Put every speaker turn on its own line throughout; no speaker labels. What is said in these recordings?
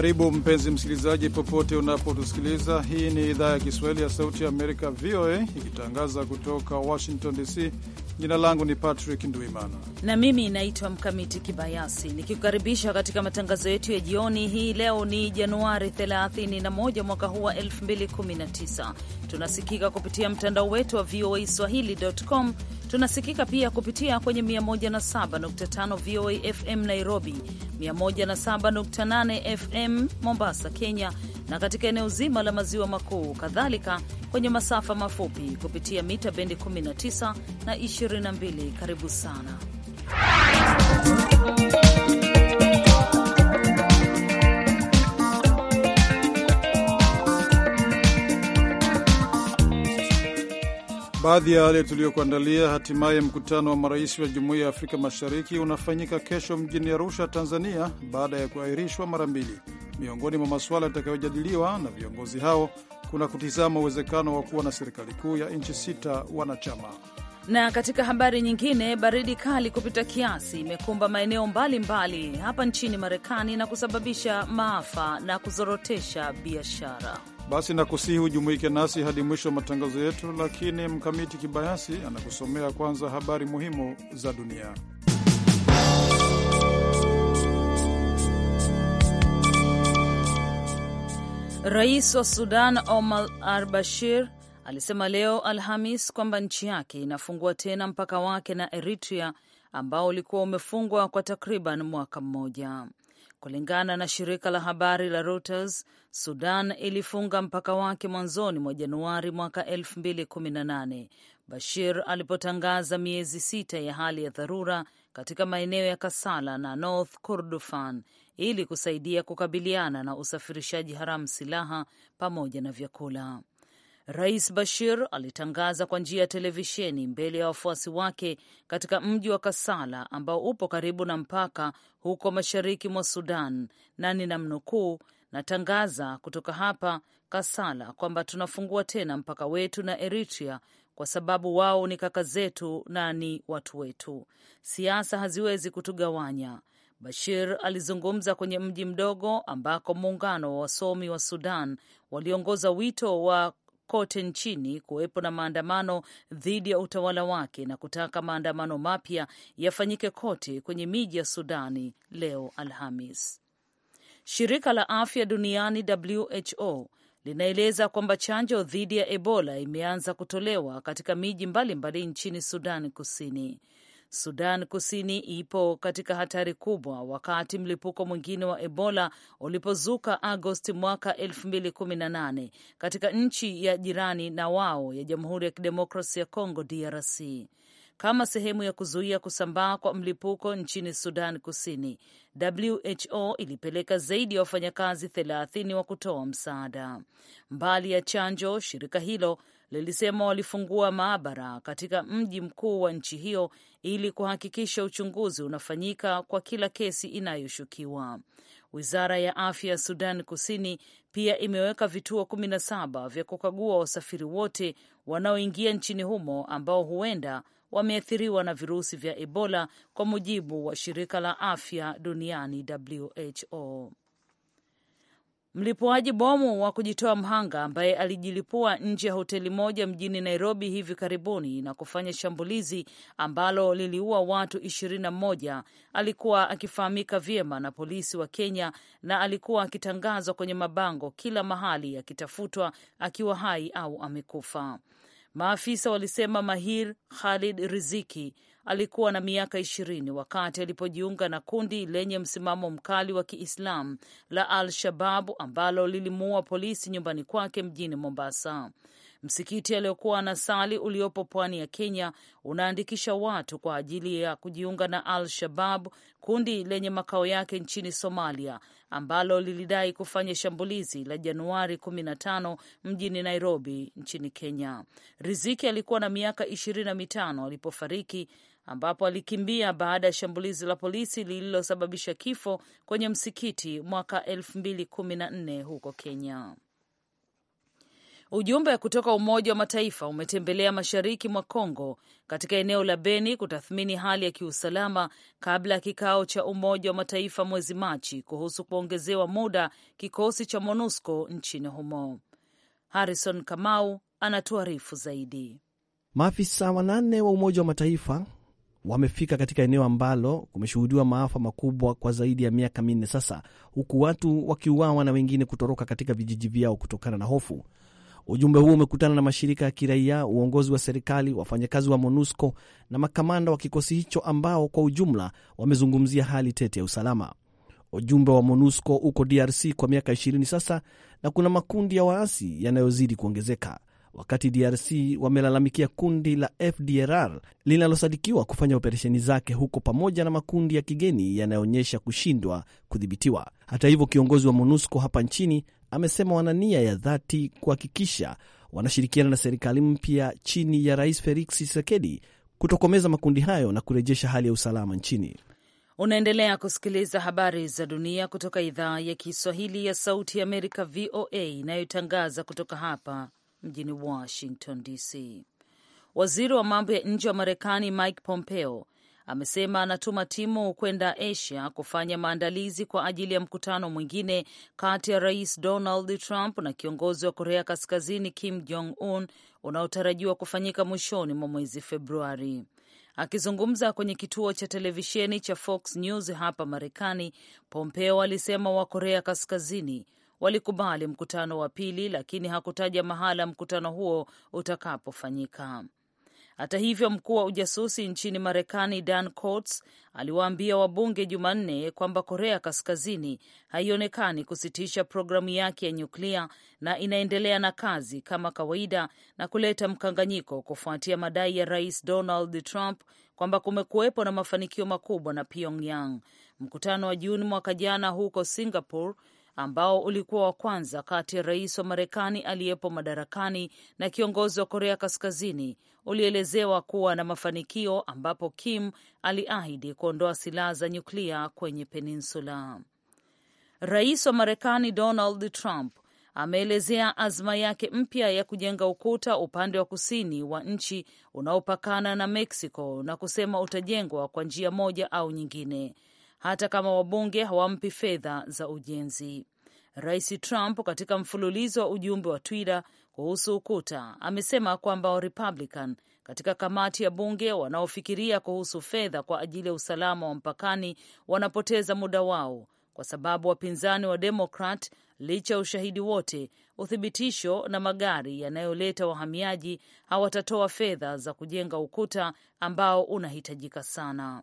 Karibu mpenzi msikilizaji, popote unapotusikiliza. Hii ni idhaa ya Kiswahili ya Sauti ya Amerika, VOA, ikitangaza kutoka Washington DC. Jina langu ni Patrick Ndwimana
na mimi naitwa Mkamiti Kibayasi, nikikukaribisha katika matangazo yetu ya jioni hii. Leo ni Januari 31 mwaka huu wa 2019. Tunasikika kupitia mtandao wetu wa VOA swahili.com Tunasikika pia kupitia kwenye 107.5 VOA FM Nairobi, 107.8 FM Mombasa, Kenya, na katika eneo zima la maziwa makuu, kadhalika kwenye masafa mafupi kupitia mita bendi 19 na 22. Karibu sana
Baadhi ya yale tuliyokuandalia: hatimaye mkutano wa marais wa jumuiya ya Afrika Mashariki unafanyika kesho mjini Arusha, Tanzania, baada ya kuahirishwa mara mbili. Miongoni mwa masuala yatakayojadiliwa na viongozi hao kuna kutizama uwezekano wa kuwa na serikali kuu ya nchi sita wanachama.
Na katika habari nyingine, baridi kali kupita kiasi imekumba maeneo mbalimbali hapa nchini Marekani na kusababisha maafa na kuzorotesha biashara.
Basi nakusihi hujumuike nasi hadi mwisho wa matangazo yetu, lakini Mkamiti Kibayasi anakusomea kwanza habari muhimu za dunia.
Rais wa Sudan Omar al-Bashir alisema leo Alhamis kwamba nchi yake inafungua tena mpaka wake na Eritrea ambao ulikuwa umefungwa kwa takriban mwaka mmoja. Kulingana na shirika la habari la Reuters, Sudan ilifunga mpaka wake mwanzoni mwa Januari mwaka 2018 Bashir alipotangaza miezi sita ya hali ya dharura katika maeneo ya Kasala na North Kordofan ili kusaidia kukabiliana na usafirishaji haramu silaha pamoja na vyakula. Rais Bashir alitangaza kwa njia ya televisheni mbele ya wafuasi wake katika mji wa Kasala ambao upo karibu na mpaka huko mashariki mwa Sudan, na ninamnukuu, natangaza kutoka hapa Kasala kwamba tunafungua tena mpaka wetu na Eritrea kwa sababu wao ni kaka zetu na ni watu wetu. Siasa haziwezi kutugawanya. Bashir alizungumza kwenye mji mdogo ambako muungano wa wasomi wa Sudan waliongoza wito wa kote nchini kuwepo na maandamano dhidi ya utawala wake na kutaka maandamano mapya yafanyike kote kwenye miji ya Sudani leo Alhamis. Shirika la afya duniani WHO linaeleza kwamba chanjo dhidi ya Ebola imeanza kutolewa katika miji mbalimbali nchini Sudani Kusini. Sudan Kusini ipo katika hatari kubwa wakati mlipuko mwingine wa Ebola ulipozuka Agosti mwaka 2018 katika nchi ya jirani na wao ya Jamhuri ya Kidemokrasi ya congo DRC. Kama sehemu ya kuzuia kusambaa kwa mlipuko nchini Sudan Kusini, WHO ilipeleka zaidi ya wafanyakazi 30 wa kutoa msaada. Mbali ya chanjo, shirika hilo lilisema walifungua maabara katika mji mkuu wa nchi hiyo ili kuhakikisha uchunguzi unafanyika kwa kila kesi inayoshukiwa. Wizara ya afya ya Sudan Kusini pia imeweka vituo kumi na saba vya kukagua wasafiri wote wanaoingia nchini humo ambao huenda wameathiriwa na virusi vya Ebola, kwa mujibu wa shirika la afya duniani WHO. Mlipuaji bomu wa kujitoa mhanga ambaye alijilipua nje ya hoteli moja mjini Nairobi hivi karibuni na kufanya shambulizi ambalo liliua watu ishirini na mmoja alikuwa akifahamika vyema na polisi wa Kenya na alikuwa akitangazwa kwenye mabango kila mahali akitafutwa akiwa hai au amekufa. Maafisa walisema Mahir Khalid Riziki alikuwa na miaka ishirini wakati alipojiunga na kundi lenye msimamo mkali wa Kiislamu la Al-Shababu ambalo lilimuua polisi nyumbani kwake mjini Mombasa. Msikiti aliyokuwa anasali uliopo pwani ya Kenya unaandikisha watu kwa ajili ya kujiunga na Al-Shabab, kundi lenye makao yake nchini Somalia, ambalo lilidai kufanya shambulizi la Januari 15 mjini Nairobi nchini Kenya. Riziki alikuwa na miaka ishirini na mitano alipofariki ambapo alikimbia baada ya shambulizi la polisi lililosababisha kifo kwenye msikiti mwaka 214 huko Kenya. Ujumbe kutoka Umoja wa Mataifa umetembelea mashariki mwa Kongo katika eneo la Beni kutathmini hali ya kiusalama kabla ya kikao cha Umoja wa Mataifa mwezi Machi kuhusu kuongezewa muda kikosi cha MONUSCO nchini humo. Harrison Kamau anatuarifu zaidi.
Maafisa wanane wa Umoja wa Mataifa wamefika katika eneo ambalo kumeshuhudiwa maafa makubwa kwa zaidi ya miaka minne sasa, huku watu wakiuawa na wengine kutoroka katika vijiji vyao kutokana na hofu. Ujumbe huo umekutana na mashirika ya kiraia, uongozi wa serikali, wafanyakazi wa MONUSCO na makamanda wa kikosi hicho ambao kwa ujumla wamezungumzia hali tete ya usalama. Ujumbe wa MONUSCO uko DRC kwa miaka 20 sasa na kuna makundi ya waasi yanayozidi kuongezeka wakati DRC wamelalamikia kundi la FDLR linalosadikiwa kufanya operesheni zake huko pamoja na makundi ya kigeni yanayoonyesha kushindwa kudhibitiwa. Hata hivyo, kiongozi wa MONUSCO hapa nchini amesema wana nia ya dhati kuhakikisha wanashirikiana na serikali mpya chini ya Rais Felix Tshisekedi kutokomeza makundi hayo na kurejesha hali ya usalama nchini.
Unaendelea kusikiliza habari za dunia kutoka idhaa ya Kiswahili ya Sauti ya Amerika, VOA, inayotangaza kutoka hapa mjini Washington DC. Waziri wa mambo ya nje wa Marekani Mike Pompeo amesema anatuma timu kwenda Asia kufanya maandalizi kwa ajili ya mkutano mwingine kati ya Rais Donald Trump na kiongozi wa Korea Kaskazini Kim Jong Un unaotarajiwa kufanyika mwishoni mwa mwezi Februari. Akizungumza kwenye kituo cha televisheni cha Fox News hapa Marekani, Pompeo alisema wa Korea Kaskazini walikubali mkutano wa pili, lakini hakutaja mahala mkutano huo utakapofanyika. Hata hivyo, mkuu wa ujasusi nchini Marekani Dan Coats aliwaambia wabunge Jumanne kwamba Korea Kaskazini haionekani kusitisha programu yake ya nyuklia na inaendelea na kazi kama kawaida na kuleta mkanganyiko kufuatia madai ya Rais Donald Trump kwamba kumekuwepo na mafanikio makubwa na Pyongyang. Mkutano wa Juni mwaka jana huko Singapore ambao ulikuwa wa kwanza kati ya rais wa Marekani aliyepo madarakani na kiongozi wa Korea Kaskazini ulielezewa kuwa na mafanikio, ambapo Kim aliahidi kuondoa silaha za nyuklia kwenye peninsula. Rais wa Marekani Donald Trump ameelezea azma yake mpya ya kujenga ukuta upande wa kusini wa nchi unaopakana na Mexico na kusema utajengwa kwa njia moja au nyingine, hata kama wabunge hawampi fedha za ujenzi. Rais Trump katika mfululizo wa ujumbe wa Twitter kuhusu ukuta amesema kwamba Warepublican katika kamati ya bunge wanaofikiria kuhusu fedha kwa ajili ya usalama wa mpakani wanapoteza muda wao kwa sababu wapinzani wa Demokrat, licha ya ushahidi wote, uthibitisho na magari yanayoleta wahamiaji, hawatatoa fedha za kujenga ukuta ambao unahitajika sana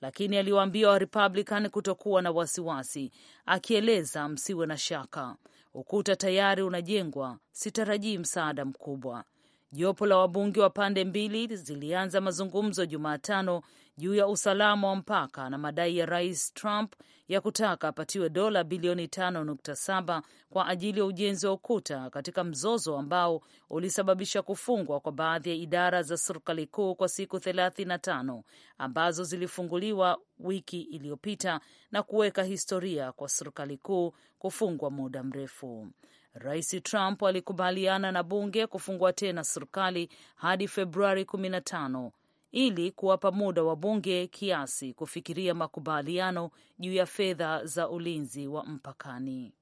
lakini aliwaambia Warepublican kutokuwa na wasiwasi, akieleza msiwe na shaka, ukuta tayari unajengwa, sitarajii msaada mkubwa. Jopo la wabunge wa pande mbili zilianza mazungumzo Jumatano juu ya usalama wa mpaka na madai ya Rais Trump ya kutaka apatiwe dola bilioni 5.7 kwa ajili ya ujenzi wa ukuta katika mzozo ambao ulisababisha kufungwa kwa baadhi ya idara za serikali kuu kwa siku 35 ambazo zilifunguliwa wiki iliyopita na kuweka historia kwa serikali kuu kufungwa muda mrefu. Rais Trump alikubaliana na bunge kufungua tena serikali hadi Februari 15 ili kuwapa muda wa bunge kiasi kufikiria makubaliano juu ya fedha za ulinzi wa mpakani.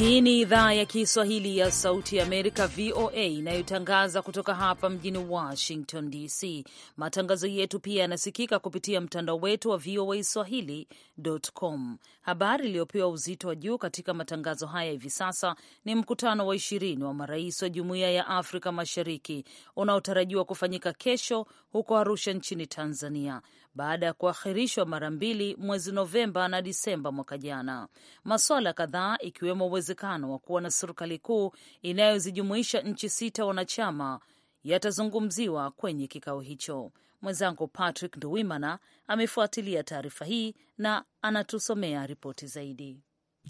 Hii ni idhaa ya Kiswahili ya Sauti ya Amerika, VOA, inayotangaza kutoka hapa mjini Washington DC. Matangazo yetu pia yanasikika kupitia mtandao wetu wa VOA Swahili.com. Habari iliyopewa uzito wa juu katika matangazo haya hivi sasa ni mkutano wa ishirini wa marais wa Jumuiya ya Afrika Mashariki unaotarajiwa kufanyika kesho huko Arusha nchini Tanzania baada ya kuahirishwa mara mbili mwezi Novemba na Disemba mwaka jana. Maswala kadhaa ikiwemo uwezekano wa kuwa na serikali kuu inayozijumuisha nchi sita wanachama yatazungumziwa kwenye kikao hicho. Mwenzangu Patrick Nduwimana amefuatilia taarifa hii na anatusomea ripoti zaidi.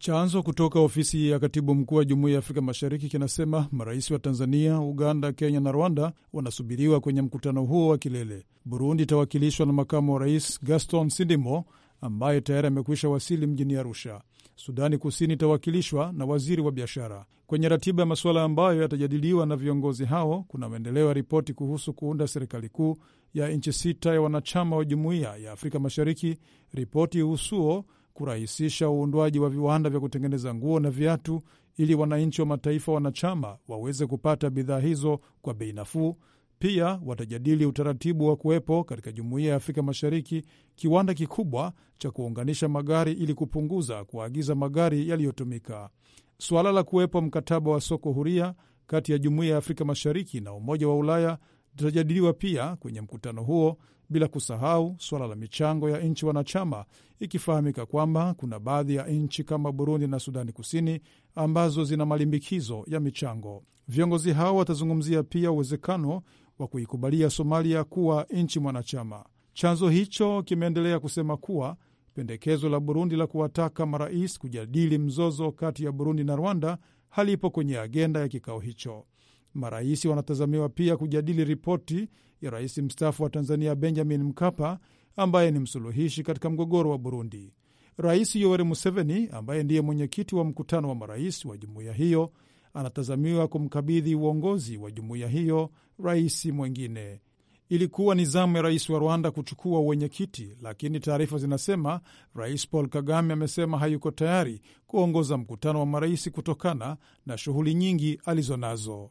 Chanzo kutoka ofisi ya katibu mkuu wa jumuiya ya Afrika Mashariki kinasema marais wa Tanzania, Uganda, Kenya na Rwanda wanasubiriwa kwenye mkutano huo wa kilele. Burundi itawakilishwa na makamu wa rais Gaston Sindimo ambaye tayari amekwisha wasili mjini Arusha. Sudani Kusini itawakilishwa na waziri wa biashara. Kwenye ratiba ya masuala ambayo yatajadiliwa na viongozi hao kuna maendeleo ya ripoti kuhusu kuunda serikali kuu ya nchi sita ya wanachama wa jumuiya ya Afrika Mashariki, ripoti usuo kurahisisha uundwaji wa viwanda vya kutengeneza nguo na viatu ili wananchi wa mataifa wanachama waweze kupata bidhaa hizo kwa bei nafuu. Pia watajadili utaratibu wa kuwepo katika jumuiya ya Afrika Mashariki kiwanda kikubwa cha kuunganisha magari ili kupunguza kuagiza magari yaliyotumika. Suala la kuwepo mkataba wa soko huria kati ya jumuiya ya Afrika Mashariki na Umoja wa Ulaya zitajadiliwa pia kwenye mkutano huo, bila kusahau suala la michango ya nchi wanachama, ikifahamika kwamba kuna baadhi ya nchi kama Burundi na Sudani Kusini ambazo zina malimbikizo ya michango. Viongozi hao watazungumzia pia uwezekano wa kuikubalia Somalia kuwa nchi mwanachama. Chanzo hicho kimeendelea kusema kuwa pendekezo la Burundi la kuwataka marais kujadili mzozo kati ya Burundi na Rwanda halipo kwenye agenda ya kikao hicho. Marais wanatazamiwa pia kujadili ripoti ya rais mstaafu wa Tanzania Benjamin Mkapa ambaye ni msuluhishi katika mgogoro wa Burundi. Rais Yoweri Museveni ambaye ndiye mwenyekiti wa mkutano wa marais wa jumuiya hiyo anatazamiwa kumkabidhi uongozi wa jumuiya hiyo rais mwengine. Ilikuwa ni zamu ya rais wa Rwanda kuchukua uwenyekiti, lakini taarifa zinasema rais Paul Kagame amesema hayuko tayari kuongoza mkutano wa marais kutokana na shughuli nyingi alizo nazo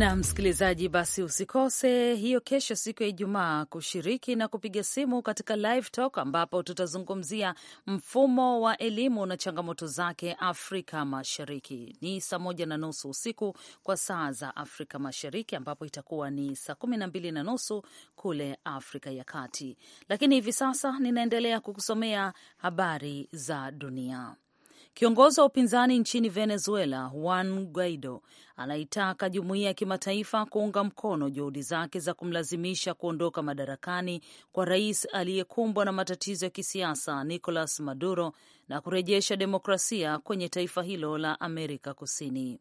na msikilizaji, basi usikose hiyo kesho, siku ya Ijumaa, kushiriki na kupiga simu katika Live Talk ambapo tutazungumzia mfumo wa elimu na changamoto zake Afrika Mashariki. Ni saa moja na nusu usiku kwa saa za Afrika Mashariki, ambapo itakuwa ni saa kumi na mbili na nusu kule Afrika ya Kati. Lakini hivi sasa ninaendelea kukusomea habari za dunia. Kiongozi wa upinzani nchini Venezuela, Juan Guaido, anaitaka jumuiya ya kimataifa kuunga mkono juhudi zake za kumlazimisha kuondoka madarakani kwa rais aliyekumbwa na matatizo ya kisiasa Nicolas Maduro na kurejesha demokrasia kwenye taifa hilo la Amerika Kusini.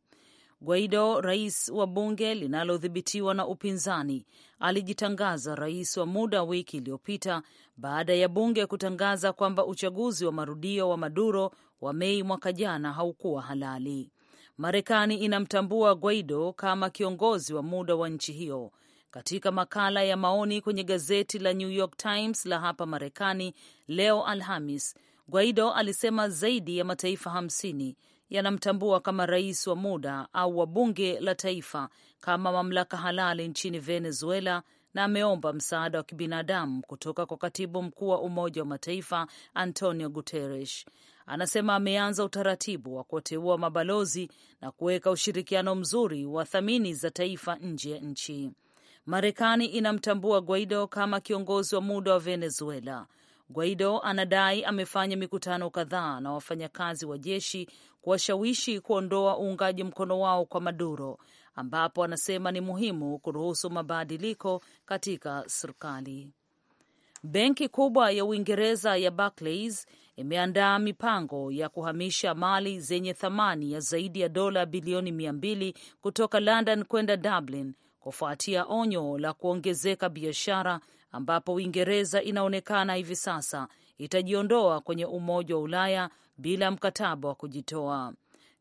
Guaido, rais wa bunge linalodhibitiwa na upinzani, alijitangaza rais wa muda wiki iliyopita baada ya bunge kutangaza kwamba uchaguzi wa marudio wa Maduro wa Mei mwaka jana haukuwa halali. Marekani inamtambua Guaido kama kiongozi wa muda wa nchi hiyo. Katika makala ya maoni kwenye gazeti la New York Times la hapa Marekani leo Alhamis, Guaido alisema zaidi ya mataifa hamsini yanamtambua kama rais wa muda au wa bunge la taifa kama mamlaka halali nchini Venezuela na ameomba msaada wa kibinadamu kutoka kwa katibu mkuu wa Umoja wa Mataifa Antonio Guterres. Anasema ameanza utaratibu wa kuwateua mabalozi na kuweka ushirikiano mzuri wa thamini za taifa nje ya nchi. Marekani inamtambua Guaido kama kiongozi wa muda wa Venezuela Guaido anadai amefanya mikutano kadhaa na wafanyakazi wa jeshi kuwashawishi kuondoa uungaji mkono wao kwa Maduro, ambapo anasema ni muhimu kuruhusu mabadiliko katika serikali. Benki kubwa ya Uingereza ya Barclays imeandaa mipango ya kuhamisha mali zenye thamani ya zaidi ya dola bilioni mia mbili kutoka London kwenda Dublin kufuatia onyo la kuongezeka biashara ambapo Uingereza inaonekana hivi sasa itajiondoa kwenye Umoja wa Ulaya bila ya mkataba wa kujitoa.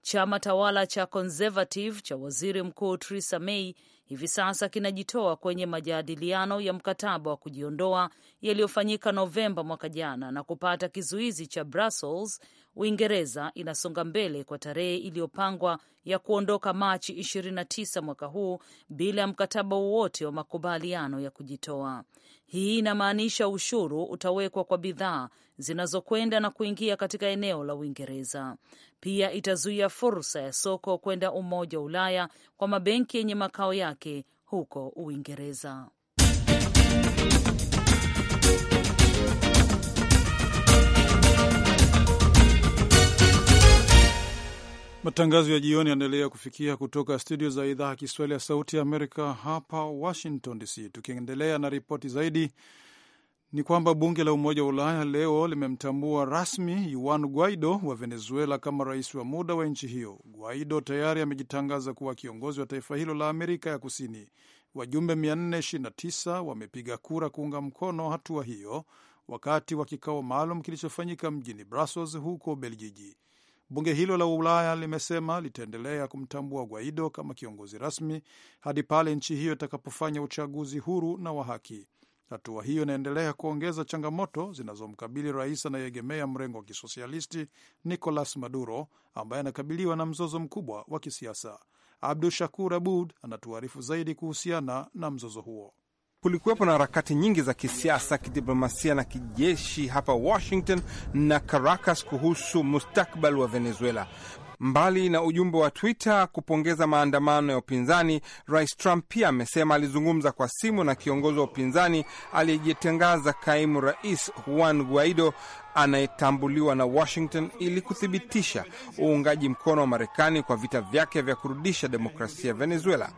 Chama tawala cha Conservative cha waziri mkuu Theresa May hivi sasa kinajitoa kwenye majadiliano ya mkataba wa kujiondoa yaliyofanyika Novemba mwaka jana na kupata kizuizi cha Brussels. Uingereza inasonga mbele kwa tarehe iliyopangwa ya kuondoka Machi 29 mwaka huu bila ya mkataba wowote wa makubaliano ya kujitoa. Hii inamaanisha ushuru utawekwa kwa bidhaa zinazokwenda na kuingia katika eneo la Uingereza. Pia itazuia fursa ya soko kwenda Umoja wa Ulaya kwa mabenki yenye makao yake huko Uingereza.
Matangazo ya jioni yanaendelea kufikia kutoka studio za idhaa ya Kiswahili ya Sauti ya Amerika hapa Washington DC. Tukiendelea na ripoti zaidi, ni kwamba bunge la Umoja wa Ulaya leo limemtambua rasmi Juan Guaido wa Venezuela kama rais wa muda wa nchi hiyo. Guaido tayari amejitangaza kuwa kiongozi wa taifa hilo la Amerika ya Kusini. Wajumbe 429 wamepiga kura kuunga mkono hatua hiyo wakati wa kikao maalum kilichofanyika mjini Brussels huko Belgiji. Bunge hilo la Ulaya limesema litaendelea kumtambua Guaido kama kiongozi rasmi hadi pale nchi hiyo itakapofanya uchaguzi huru na wa haki. Hatua hiyo inaendelea kuongeza changamoto zinazomkabili rais anayeegemea mrengo wa kisosialisti Nicolas Maduro, ambaye anakabiliwa na mzozo mkubwa wa kisiasa. Abdu Shakur Abud anatuarifu zaidi kuhusiana na mzozo huo.
Kulikuwepo na harakati nyingi za kisiasa, kidiplomasia na kijeshi hapa Washington na Caracas kuhusu mustakbal wa Venezuela. Mbali na ujumbe wa Twitter kupongeza maandamano ya upinzani, Rais Trump pia amesema alizungumza kwa simu na kiongozi wa upinzani aliyejitangaza kaimu rais Juan Guaido anayetambuliwa na Washington ili kuthibitisha uungaji mkono wa Marekani kwa vita vyake vya kurudisha demokrasia Venezuela.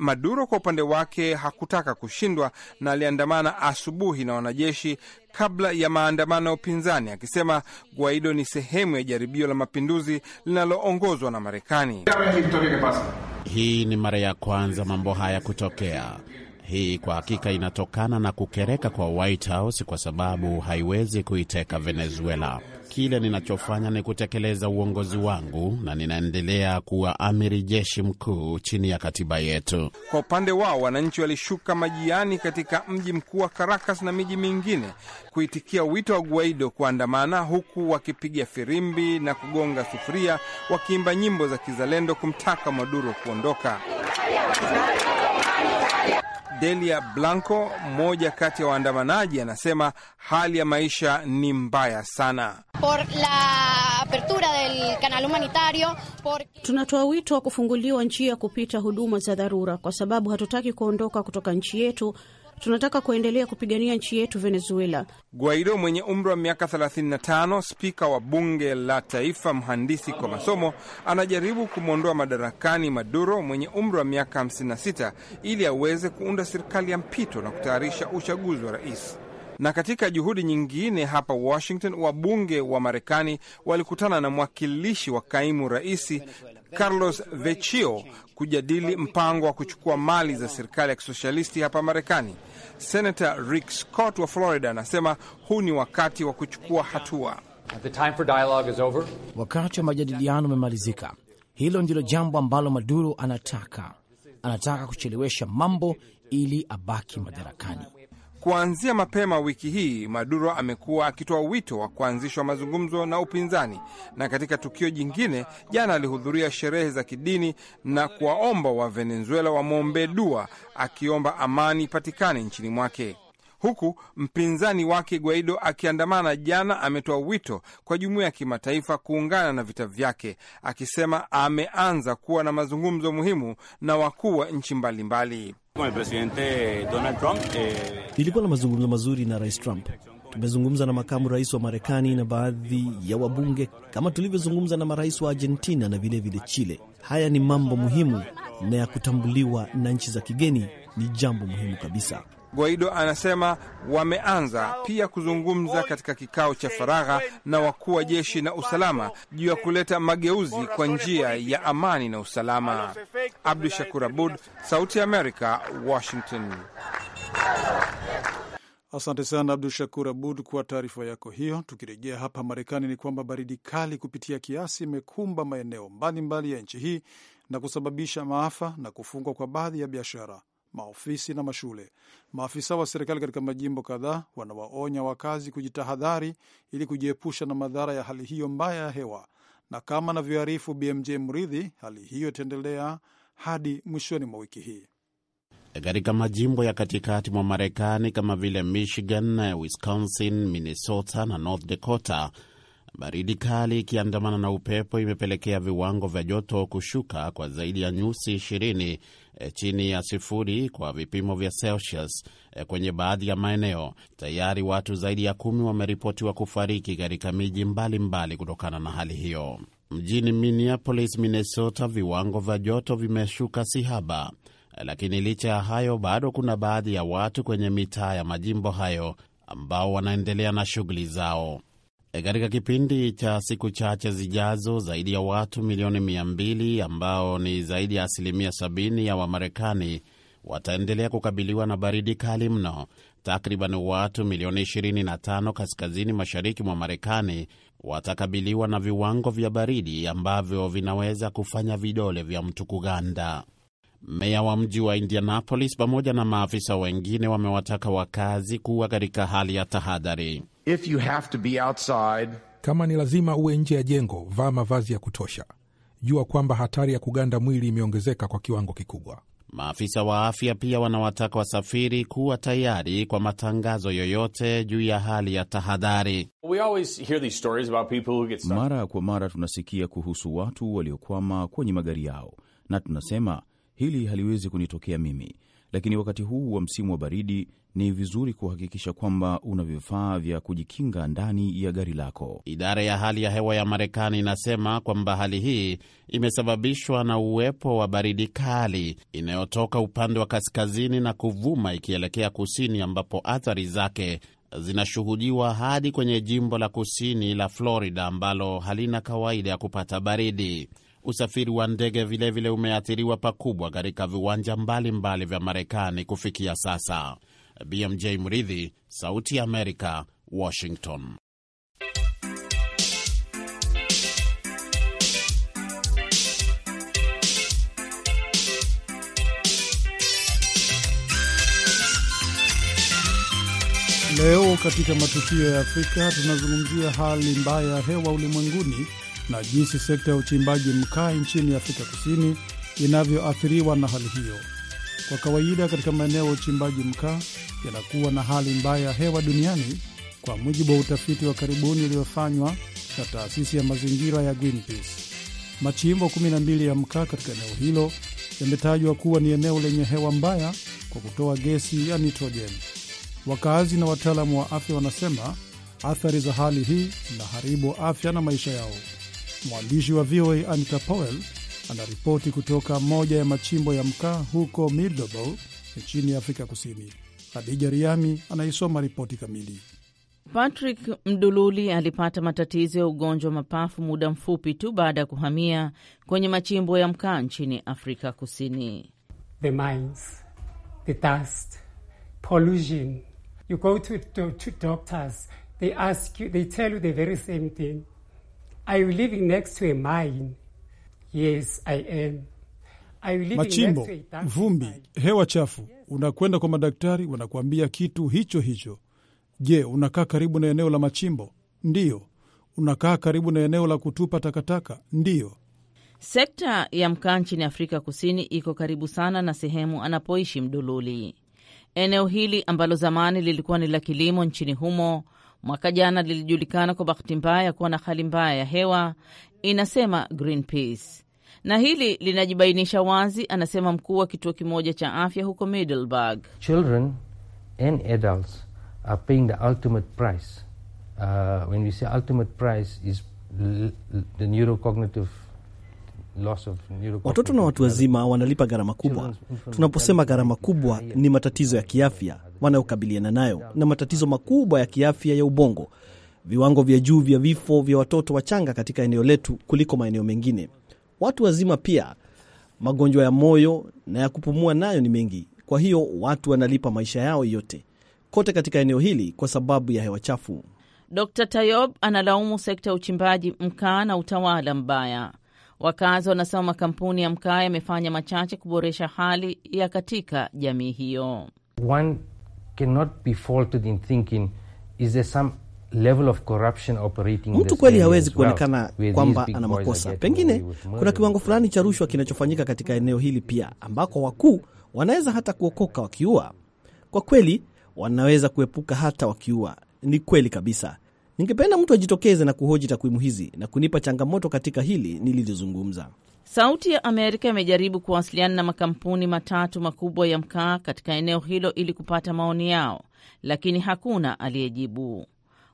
Maduro kwa upande wake hakutaka kushindwa na aliandamana asubuhi na wanajeshi kabla ya maandamano ya upinzani, akisema Guaido ni sehemu ya jaribio la mapinduzi linaloongozwa na Marekani.
Hii ni mara ya kwanza mambo haya kutokea. Hii kwa hakika inatokana na kukereka kwa White House kwa sababu haiwezi kuiteka Venezuela. Kile ninachofanya ni kutekeleza uongozi wangu na ninaendelea kuwa amiri jeshi mkuu chini ya katiba yetu.
Kwa upande wao, wananchi walishuka majiani katika mji mkuu wa Caracas na miji mingine kuitikia wito wa Guaido kuandamana, huku wakipiga firimbi na kugonga sufuria, wakiimba nyimbo za kizalendo kumtaka Maduro kuondoka. Delia Blanco, mmoja kati ya waandamanaji, anasema hali ya maisha ni mbaya sana.
Tunatoa wito wa kufunguliwa njia ya kupita huduma za dharura, kwa sababu hatutaki kuondoka kutoka nchi yetu tunataka kuendelea kupigania nchi yetu Venezuela.
Guaido mwenye umri wa miaka 35, spika wa bunge la taifa, mhandisi kwa masomo, anajaribu kumwondoa madarakani Maduro mwenye umri wa miaka 56 ili aweze kuunda serikali ya mpito na kutayarisha uchaguzi wa rais. Na katika juhudi nyingine hapa Washington, wabunge wa Marekani walikutana na mwakilishi wa kaimu raisi Carlos Vecchio kujadili mpango wa kuchukua mali za serikali ya kisoshalisti hapa Marekani. Senata Rick Scott wa Florida anasema huu ni wakati wa kuchukua hatua. The time for dialogue is
over. Wakati wa majadiliano umemalizika. Hilo ndilo jambo ambalo Maduro anataka. Anataka kuchelewesha mambo ili abaki madarakani. Kuanzia
mapema wiki hii, Maduro amekuwa akitoa wito wa kuanzishwa mazungumzo na upinzani, na katika tukio jingine, jana alihudhuria sherehe za kidini na kuwaomba wa Venezuela wamwombee dua, akiomba amani ipatikane nchini mwake huku mpinzani wake Guaido akiandamana jana, ametoa wito kwa jumuiya ya kimataifa kuungana na vita vyake, akisema ameanza kuwa na mazungumzo muhimu na wakuu wa nchi mbalimbali.
Nilikuwa eh, na mazungumzo mazuri na Rais Trump. Tumezungumza na makamu rais wa Marekani na baadhi ya wabunge, kama tulivyozungumza na marais wa Argentina na vilevile vile Chile. Haya ni mambo muhimu, na ya kutambuliwa na nchi za kigeni ni jambo muhimu kabisa.
Guaido anasema wameanza pia kuzungumza katika kikao cha faragha na wakuu wa jeshi na usalama juu ya kuleta mageuzi kwa njia ya amani na usalama. Abdu
Shakur Abud, Sauti ya Amerika, Washington. Asante sana Abdu Shakur Abud kwa taarifa yako hiyo. Tukirejea hapa Marekani, ni kwamba baridi kali kupitia kiasi imekumba maeneo mbalimbali ya nchi hii na kusababisha maafa na kufungwa kwa baadhi ya biashara maofisi na mashule. Maafisa wa serikali katika majimbo kadhaa wanawaonya wakazi kujitahadhari ili kujiepusha na madhara ya hali hiyo mbaya ya hewa, na kama anavyoarifu BMJ Mridhi, hali hiyo itaendelea hadi mwishoni mwa wiki hii
katika majimbo ya katikati mwa Marekani kama vile Michigan, Wisconsin, Minnesota na North Dakota. Baridi kali ikiandamana na upepo imepelekea viwango vya joto kushuka kwa zaidi ya nyuzi 20 e, chini ya sifuri kwa vipimo vya Celsius e, kwenye baadhi ya maeneo. Tayari watu zaidi ya kumi wameripotiwa kufariki katika miji mbalimbali kutokana na hali hiyo. Mjini Minneapolis, Minnesota, viwango vya joto vimeshuka sihaba, e, lakini licha ya hayo, bado kuna baadhi ya watu kwenye mitaa ya majimbo hayo ambao wanaendelea na shughuli zao. E, katika kipindi cha siku chache zijazo, zaidi ya watu milioni mia mbili ambao ni zaidi ya asilimia sabini ya Wamarekani wataendelea kukabiliwa na baridi kali mno. Takriban watu milioni 25 kaskazini mashariki mwa Marekani watakabiliwa na viwango vya baridi ambavyo vinaweza kufanya vidole vya mtu kuganda. Meya wa mji wa Indianapolis pamoja na maafisa wengine wamewataka wakazi kuwa katika hali ya tahadhari. If you have to be outside,
kama ni lazima uwe nje ya jengo, vaa mavazi ya kutosha. Jua kwamba hatari ya kuganda mwili imeongezeka kwa kiwango
kikubwa. Maafisa wa afya pia wanawataka wasafiri kuwa tayari kwa matangazo yoyote juu ya hali ya tahadhari. Mara kwa mara tunasikia kuhusu watu waliokwama kwenye magari yao, na tunasema Hili haliwezi kunitokea mimi, lakini wakati huu wa msimu wa baridi ni vizuri kuhakikisha kwamba una vifaa vya kujikinga ndani ya gari lako. Idara ya hali ya hewa ya Marekani inasema kwamba hali hii imesababishwa na uwepo wa baridi kali inayotoka upande wa kaskazini na kuvuma ikielekea kusini, ambapo athari zake zinashuhudiwa hadi kwenye jimbo la kusini la Florida ambalo halina kawaida ya kupata baridi. Usafiri wa ndege vilevile umeathiriwa pakubwa katika viwanja mbalimbali vya Marekani kufikia sasa. BMJ Mridhi, Sauti ya Amerika, Washington.
Leo katika matukio ya Afrika tunazungumzia hali mbaya ya hewa ulimwenguni na jinsi sekta ya uchimbaji mkaa nchini Afrika Kusini inavyoathiriwa na hali hiyo. Kwa kawaida, katika maeneo ya uchimbaji mkaa yanakuwa na hali mbaya ya hewa duniani, kwa mujibu wa utafiti wa karibuni uliofanywa na taasisi ya mazingira ya Greenpeace. Machimbo 12 ya mkaa katika eneo hilo yametajwa kuwa ni eneo lenye hewa mbaya kwa kutoa gesi ya nitrojeni. Wakazi na wataalamu wa afya wanasema athari za hali hii zinaharibu afya na maisha yao. Mwandishi wa VOA Anita Powell anaripoti kutoka moja ya machimbo ya mkaa huko Mildobo nchini Afrika Kusini. Hadija Riami anaisoma ripoti kamili.
Patrick Mdululi alipata matatizo ya ugonjwa wa mapafu muda mfupi tu baada ya kuhamia kwenye machimbo ya mkaa nchini Afrika Kusini. The mines, the dust, pollution. You go
to, to, to doctors, they ask you, they tell you the very same thing. Are you living next to a mine? Yes, I am. Are you living machimbo, next
to a vumbi, hewa chafu. Unakwenda kwa madaktari, wanakuambia kitu hicho hicho. Je, unakaa karibu na eneo la machimbo? Ndiyo. Unakaa karibu na eneo la kutupa takataka? Ndiyo.
Sekta ya mkaa nchini Afrika Kusini iko karibu sana na sehemu anapoishi Mdululi. Eneo hili ambalo zamani lilikuwa ni la kilimo nchini humo mwaka jana lilijulikana kwa bahati mbaya kuwa na hali mbaya ya hewa, inasema Greenpeace, na hili linajibainisha wazi, anasema mkuu wa kituo kimoja cha afya huko Middleburg.
Children and adults
are paying the ultimate price. Uh, when we say ultimate price is the neurocognitive Watoto na watu wazima wanalipa gharama kubwa. Tunaposema gharama kubwa, ni matatizo ya kiafya wanayokabiliana nayo na matatizo makubwa ya kiafya ya ubongo, viwango vya juu vya vifo vya watoto wachanga katika eneo letu kuliko maeneo mengine. Watu wazima pia, magonjwa ya moyo na ya kupumua nayo ni mengi. Kwa hiyo watu wanalipa maisha yao yote kote katika eneo hili kwa sababu ya hewa chafu.
Dr Tayob analaumu sekta ya uchimbaji mkaa na utawala mbaya. Wakazi wanasema makampuni ya mkaa yamefanya machache kuboresha hali ya katika jamii hiyo.
One cannot be faulted in thinking is there some level of corruption operating. Mtu kweli hawezi kuonekana kwamba ana makosa. Pengine kuna
kiwango fulani cha rushwa kinachofanyika katika eneo hili pia, ambako wakuu wanaweza hata kuokoka wakiua. Kwa kweli wanaweza kuepuka hata wakiua. Ni kweli kabisa. Ningependa mtu ajitokeze na kuhoji takwimu hizi na kunipa changamoto katika hili nililizungumza.
Sauti ya Amerika imejaribu kuwasiliana na makampuni matatu makubwa ya mkaa katika eneo hilo ili kupata maoni yao, lakini hakuna aliyejibu.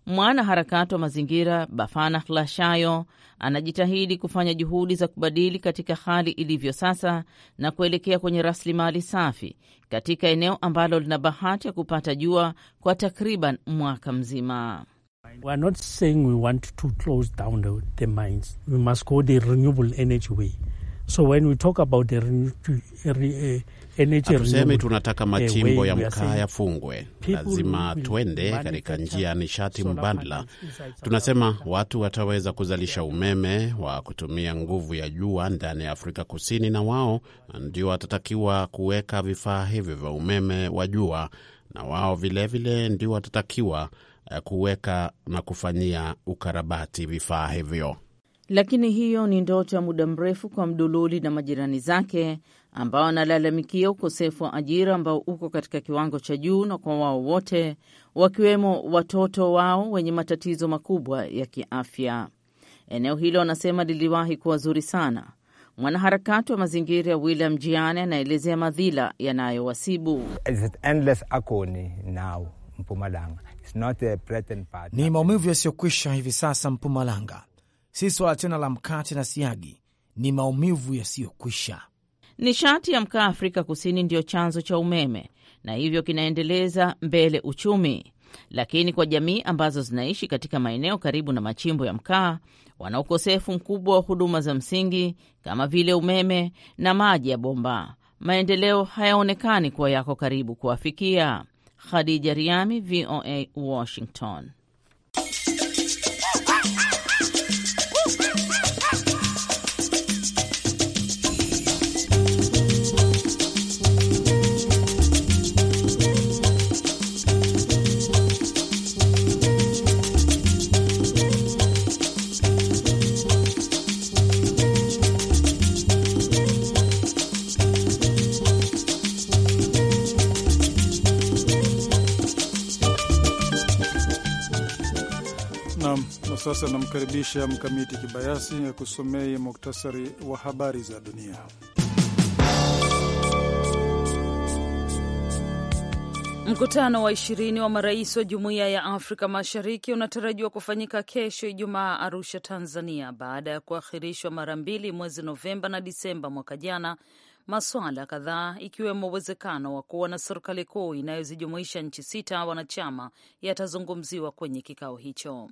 Mwana harakati wa mazingira Bafana Hlashayo anajitahidi kufanya juhudi za kubadili katika hali ilivyo sasa na kuelekea kwenye rasilimali safi katika eneo ambalo lina bahati ya kupata jua kwa takriban mwaka mzima.
We are not saying we want to close down the, the mines. We must go the renewable energy way. So when we talk about the re, eh, energy hatusemi tunataka eh, machimbo ya mkaa yafungwe, lazima twende katika njia ya nishati mbadala.
Tunasema watu wataweza kuzalisha umeme wa kutumia nguvu ya jua ndani ya Afrika Kusini, na wao ndio watatakiwa kuweka vifaa hivyo vya umeme wa jua, na wao vilevile ndio watatakiwa Eh, kuweka na kufanyia ukarabati vifaa hivyo.
Lakini hiyo ni ndoto ya muda mrefu kwa Mdululi na majirani zake ambao analalamikia ukosefu wa ajira ambao uko katika kiwango cha juu na kwa wao wote, wakiwemo watoto wao wenye matatizo makubwa ya kiafya. Eneo hilo wanasema liliwahi kuwa zuri sana. Mwanaharakati wa mazingira ya William Jiane anaelezea madhila yanayowasibu.
Mpumalanga. It's not a present part. Ni maumivu yasiyokwisha hivi sasa Mpumalanga, si swala tena la mkate na siagi, ni maumivu yasiyokwisha.
Nishati ya mkaa Afrika Kusini ndiyo chanzo cha umeme na hivyo kinaendeleza mbele uchumi, lakini kwa jamii ambazo zinaishi katika maeneo karibu na machimbo ya mkaa, wana ukosefu mkubwa wa huduma za msingi kama vile umeme na maji ya bomba. Maendeleo hayaonekani kuwa yako karibu kuwafikia. Khadija Riami, VOA, Washington.
Sasa namkaribisha Mkamiti Kibayasi ya kusomei muktasari wa habari za dunia.
Mkutano wa ishirini wa marais wa jumuiya ya Afrika Mashariki unatarajiwa kufanyika kesho Ijumaa Arusha, Tanzania, baada ya kuahirishwa mara mbili mwezi Novemba na Disemba mwaka jana. Masuala kadhaa ikiwemo uwezekano wa kuwa na serikali kuu inayozijumuisha nchi sita wanachama yatazungumziwa kwenye kikao hicho.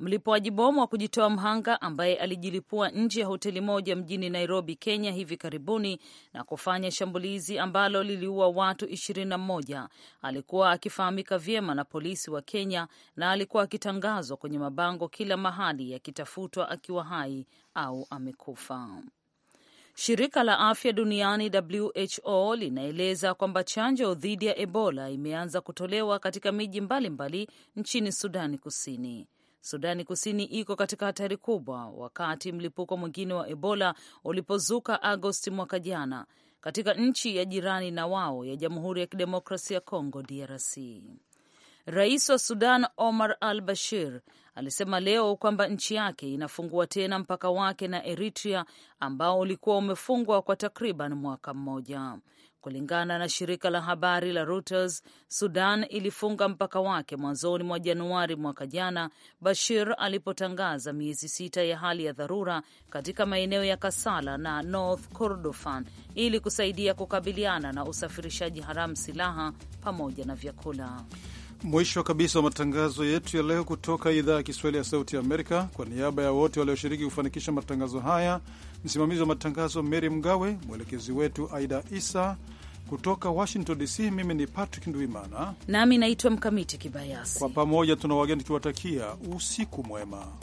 Mlipuaji bomu wa kujitoa mhanga ambaye alijilipua nje ya hoteli moja mjini Nairobi, Kenya hivi karibuni na kufanya shambulizi ambalo liliua watu 21 alikuwa akifahamika vyema na polisi wa Kenya na alikuwa akitangazwa kwenye mabango kila mahali akitafutwa akiwa hai au amekufa. Shirika la afya duniani WHO linaeleza kwamba chanjo dhidi ya Ebola imeanza kutolewa katika miji mbalimbali nchini Sudani Kusini. Sudani Kusini iko katika hatari kubwa wakati mlipuko mwingine wa Ebola ulipozuka Agosti mwaka jana katika nchi ya jirani na wao ya Jamhuri ya Kidemokrasia ya Kongo, DRC. Rais wa Sudan Omar al Bashir alisema leo kwamba nchi yake inafungua tena mpaka wake na Eritrea ambao ulikuwa umefungwa kwa takriban mwaka mmoja. Kulingana na shirika la habari la Reuters, Sudan ilifunga mpaka wake mwanzoni mwa Januari mwaka jana, Bashir alipotangaza miezi sita ya hali ya dharura katika maeneo ya Kasala na North Kordofan ili kusaidia kukabiliana na usafirishaji haramu silaha pamoja na vyakula.
Mwisho kabisa wa matangazo yetu ya leo kutoka idhaa ya Kiswahili ya Sauti ya Amerika. Kwa niaba ya wote walioshiriki kufanikisha matangazo haya, msimamizi wa matangazo mery Mgawe, mwelekezi wetu Aida Isa. Kutoka Washington DC, mimi ni Patrick Ndwimana
nami naitwa Mkamiti Kibayasi.
Kwa pamoja tuna wageni tukiwatakia usiku mwema.